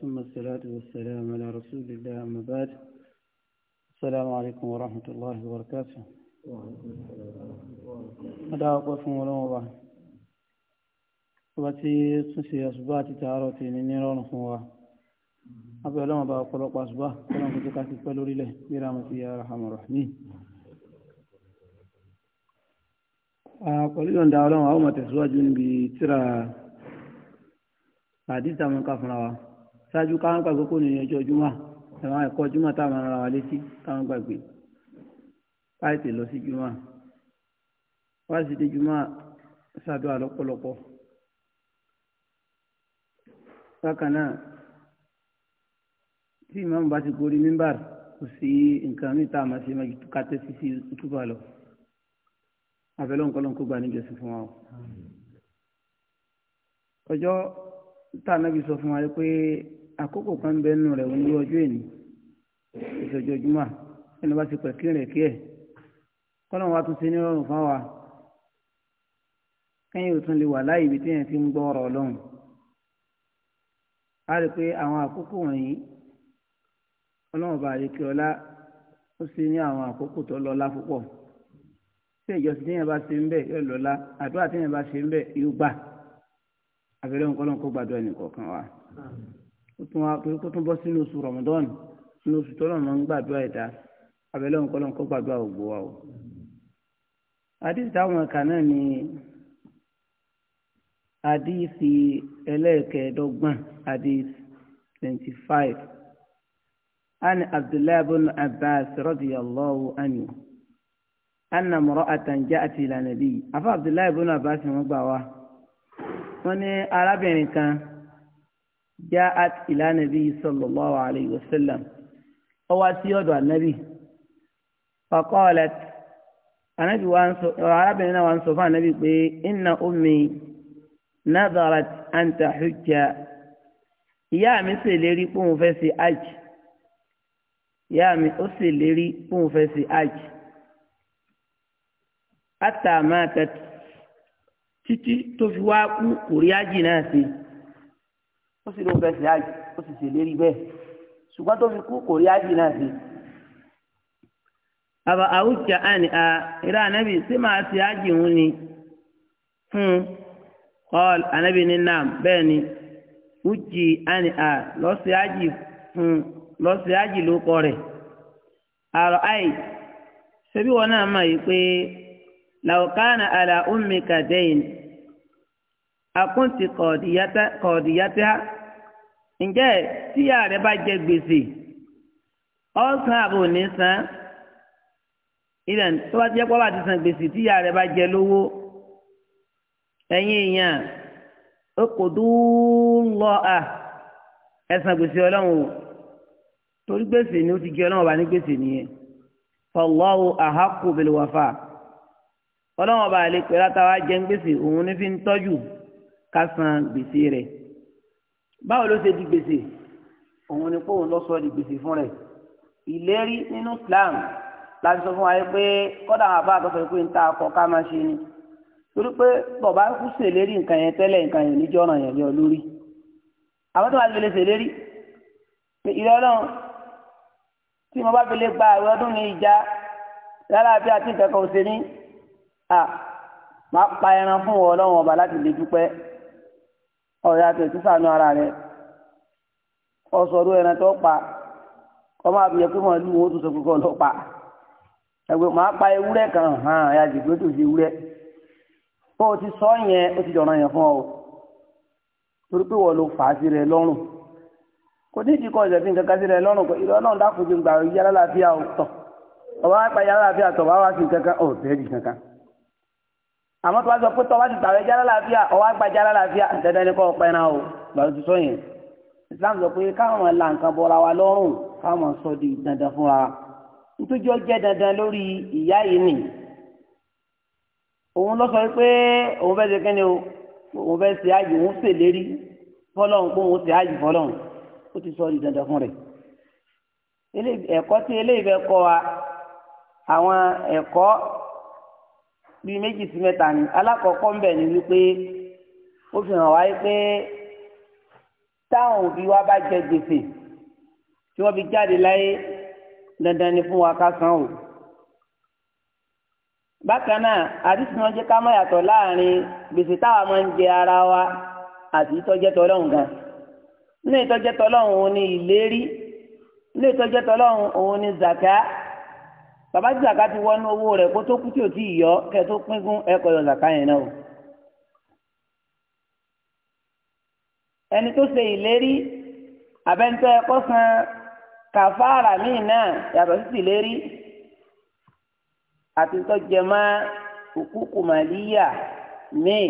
ثم الصلاة والسلام على رسول الله أما بعد السلام عليكم ورحمة الله وبركاته هذا أقوى فهم ولوم الله وباتي تنسي أصباتي تعارتي نيرون فهم أبي لما بأقلق أصباه كلام كنت كاتب فلوري له برامتي يا رحم الرحمن pẹ̀lú ìyọ̀nda ọlọ́run àwọn ọmọ tẹ̀síwájú níbi tíra àdìsá mọ́ká fúnra wa ṣáájú káwọn gbàgbé kò nìyẹn ọjọ́ júmọ́ àwọn ẹ̀kọ́ júmọ́ táwọn ara wa létí káwọn gbàgbé káyọ̀tì lọ sí júmọ́ wáṣídẹ̀ẹ́ júmọ́ ṣàdúrà lọ́pọ̀lọpọ̀ bákan náà tí ìmáàmù bá ti gorí mímbàrì kò sí nǹkan míì tá a máa ṣe máa ju ká tẹ́sí sí túbà lọ abẹ́lẹ́ nǹkan kó gba níjọsìn fún wa o. ọjọ́ tá a náà fi sọ fún wa pé àkókò kan bẹ nínú rẹ̀ ní ọjọ́ èní ìṣòjojúmọ́ ẹni bá ti pẹ̀ kí rẹ̀ kí ẹ̀ kọ́nà wa tún ti ní rọrùn fún wa kẹ́yìn ò tún lè wà láyé ibi tí yẹn ti ń gbọ́ ọ̀rọ̀ ọlọ́run a rí i pé àwọn àkókò wọ̀nyí ọlọ́run bá rí i kí ọlá ó sì ní àwọn àkókò tó lọ́lá púpọ̀ tí ìjọsìn tíyẹn bá ṣe ń bẹ̀ yóò lọ́lá àdúrà tíyẹn bá ṣe ń bẹ̀ yóò gbà àbẹ̀rẹ̀ òǹkọ́lọ́ǹkọ́ gbàdúrà ẹnì kọ̀ọ̀kan wa kó tún wá pé kó tún bọ́ sínú oṣù rọ̀mọdọ́ọ̀nù sínú oṣù tọ́lọ̀ máa ń gbàdúrà ẹ̀dá abẹ́lẹ́ òun kọ́lọ́n kọ́ gbàdúrà ògbó wa o. àdìsí táwọn ẹ̀ka náà ni àdìsí ẹlẹ́ẹ̀kẹ́ẹ̀dọ́gbọ̀n àdìsí twenty five عن عبد abbas بن عباس رضي الله عنه أن امرأة جاءت إلى النبي أفا abbas الله بن عباس مبوا وني أرابي كان ja'at ila nabi sallallahu alayhi wa sallam ó wá sí ọ̀dọ̀ ànábì faqalat ànábì wa ń sọ arábìnrin náà wa ń sọ fún ànábì pé inna ummi nadarat an tahujja ìyá mi ṣèlérí pé òun fẹ́ ṣe hajj ìyá mi ó ṣèlérí pé òun fẹ́ ṣe hajj hatta matat títí tó fi wá kú kò rí hajj náà sí i ó sì lóun fẹsẹ̀ àjì ó sì ṣèlérí bẹ́ẹ̀ ṣùgbọ́n tó fi kú kò rí àjì náà sí. àbá àwùjá àní à ìrá ànábì sí máa ṣe àjì òun ni fún kọ́ọ̀l ànábì ní nam bẹ́ẹ̀ ni ùjì àní à lọ́sẹ̀ àjì fún lọ́sẹ̀ àjì ló kọ́ rẹ̀ àrò àì ṣebí wọn náà mọ̀ yìí pé làwùkánà àlà ummika dayn àkúntì kọ̀ọ̀dìyàtà ǹjẹ́ tíyà rẹ bá jẹ gbèsè ọ̀sán àbò ní san ilẹ̀ tó bá ti jẹ́ pọ́ bá ti san gbèsè tíyà rẹ bá jẹ lówó ẹ̀yin èèyàn ó kò dúró à ẹ san gbèsè ọlọ́run o torí gbèsè ni ó ti jẹ ọlọ́run ọba ní gbèsè nìyẹn fọlọ́wọ́ àhákù bẹ̀rẹ̀ ọlọ́run ọba àlè pẹ̀lú àtàwọn ajẹ́ ń gbèsè òun ní fi ń tọ́jú ká san gbèsè rẹ̀ báwo ló ṣe di gbèsè òun ni kóun lọ sọ di gbèsè fún rẹ̀ ìlérí nínú Islam láti sọ fún wa pé kọ́dà àwọn àbá àtọ́sọ pé ń ta akọ ká máa ṣe ni torí pé bọ̀bá kú ṣèlérí nǹkan yẹn tẹ́lẹ̀ nǹkan yẹn níjọ́ ọ̀ràn yẹn lọ lórí àwọn tó wà lè ṣèlérí ìrẹ́ ọlọ́run tí mo bá fi lè gba àwọn ọdún ní ìjà yálà bí àti nǹkan kan ò ṣe ní à máa pa ẹran fún ọlọ́run ọba láti lè dúpẹ́ ọ̀rẹ́ àti ìtúsànú ara rẹ̀ ọ̀sọ̀rọ̀ ẹran tó pa ọmọ àbíyẹ pé wọn lù wọn tó sọ pé kọ́ lọ pa ẹgbẹ́ màá pa ewúrẹ́ kan hàn ẹ̀yà jìgbé tó ṣe ewúrẹ́ bó o ti sọ yẹn o ti dọ̀ràn yẹn fún ọ torí pé wọ́n ló fà á sí rẹ lọ́rùn kò ní ìdíkọ̀ ìjọba nǹkan sí rẹ lọ́rùn kò ìrọ̀ náà dákùn yàrá láàfíà tọ̀ ọ̀bá wa pa yàrá láàfíà tọ̀ ọ̀bá wa sì kankan ọ̀ bẹ́ẹ̀ di kankan àmọ́ tó bá sọ pé tó bá ti tàwé jára láàfíà ọwọ́ àgbà jára láàfíà dandan ni kò pẹ́ náà o gbàdúrà ti sọ yẹn Islam sọ pé káwọn la nǹkan bọra wa lọ́rùn káwọn sọ di dandan fúnra nítorí ó jẹ́ dandan lórí ìyá yìí nì òun lọ sọ pé òun fẹ́ ṣe kẹ́ni o òun fẹ́ ṣe ààyè òun ṣèlérí fọlọ́run pé òun ṣe ààyè fọlọ́run ó ti sọ di dandan fún rẹ̀ ẹ̀kọ́ tí eléyìí fẹ́ kọ́ wa àwọn ẹ̀kọ́ bíi méjì sí mẹ́ta ni alákọ̀ọ́kọ́ ń bẹ̀ ni wípé ó fi hàn wáyé pé táwọn òbí wa bá jẹ gbèsè tí wọ́n fi jáde láyé dandan ni fún wa ká san o bákan náà àdìsí wọn ká má yàtọ̀ láàrin gbèsè táwa máa ń jẹ ara wa àti ìtọ́jẹ́ tọlọ́hún gan ní ìtọ́jẹ́ tọlọ́hún òun ni ìlérí ní ìtọ́jẹ́ tọlọ́hún òun ni zaka bàbá tí zaka ti wọnú owó rẹ̀ kó tó kú tí ò tí yọ kẹ tó pínkún ẹkọ yọ zaka yẹn náà o. ẹni tó ṣe ìlérí abẹ́ntọ́ ẹ̀kọ́ san kàfàrà míì náà yàtọ̀ sí ìlérí àti tó jẹ mọ́ òkúkù màlíyà míì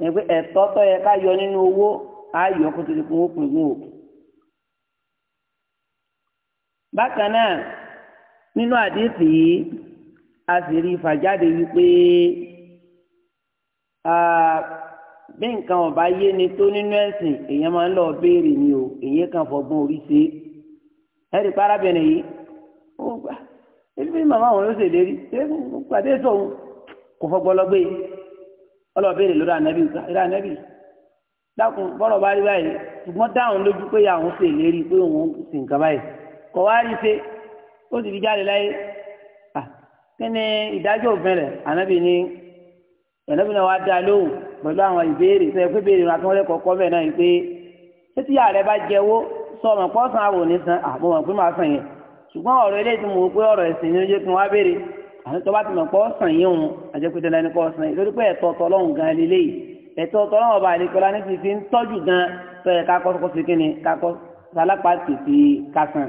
nígbẹ́ ẹ̀tọ́ tó yẹ ká yọ nínú owó á yọ kó tó di kún ó pínkún o. bákan náà nínú àdéhùn yìí a sì rí ìfàjáde wípé bí nǹkan ọba yé ni tó nínú ẹ̀sìn èèyàn máa ń lọ béèrè ni o èèyàn kan fọgbọ́n orí ṣe ẹ̀rí parábẹ̀rẹ̀ yìí ó gbà ebi màmá àwọn ló ṣèlérí ṣé pàdé sóun kò fọgbọ́n lọ́gbé ọlọ́ọ̀bẹ̀rẹ̀ e. lórí ànábì ìrẹ́ ànábì dákun bọ́rọ̀ bá rí báyìí ṣùgbọ́n dáhùn lójú pé àwọn ṣèlérí pé òun sì nǹkan báyìí kọ̀ wá rí ṣe ó sì fi jáde láyé ah, kí ni ìdájọ́ òfin rẹ̀ ànábì ni ànábì náà wá dá lóhùn pẹ̀lú àwọn ìbéèrè sọ pé béèrè wọn akẹ́wọ́lẹ́ kọ̀ọ̀kọ́ bẹ́ẹ̀ náà ni pé ṣé tí ààrẹ bá jẹ́wó sọ ọmọ pọ́ san àwò ní san àmọ́ ah, wọn pé máa san yẹn ṣùgbọ́n ọ̀rọ̀ eléyìí tí mo wò pé ọ̀rọ̀ ẹ̀sìn ni ó yẹ kí wọ́n á béèrè àwọn tó bá ti mọ̀ pọ́ san yẹn òun àjẹpẹ́tẹ́ lẹ́ni kọ́ san yẹn lórí pé ẹ̀tọ́ tọlọ́hùn gan lélẹ́yìí ẹ̀tọ́ tọlọ́hùn ọba àdìkọ́lá ní ti fi ń tọ́jú gan sọ yẹ kákọ́ kó ti kíni kákọ́ sálápá tètè kásán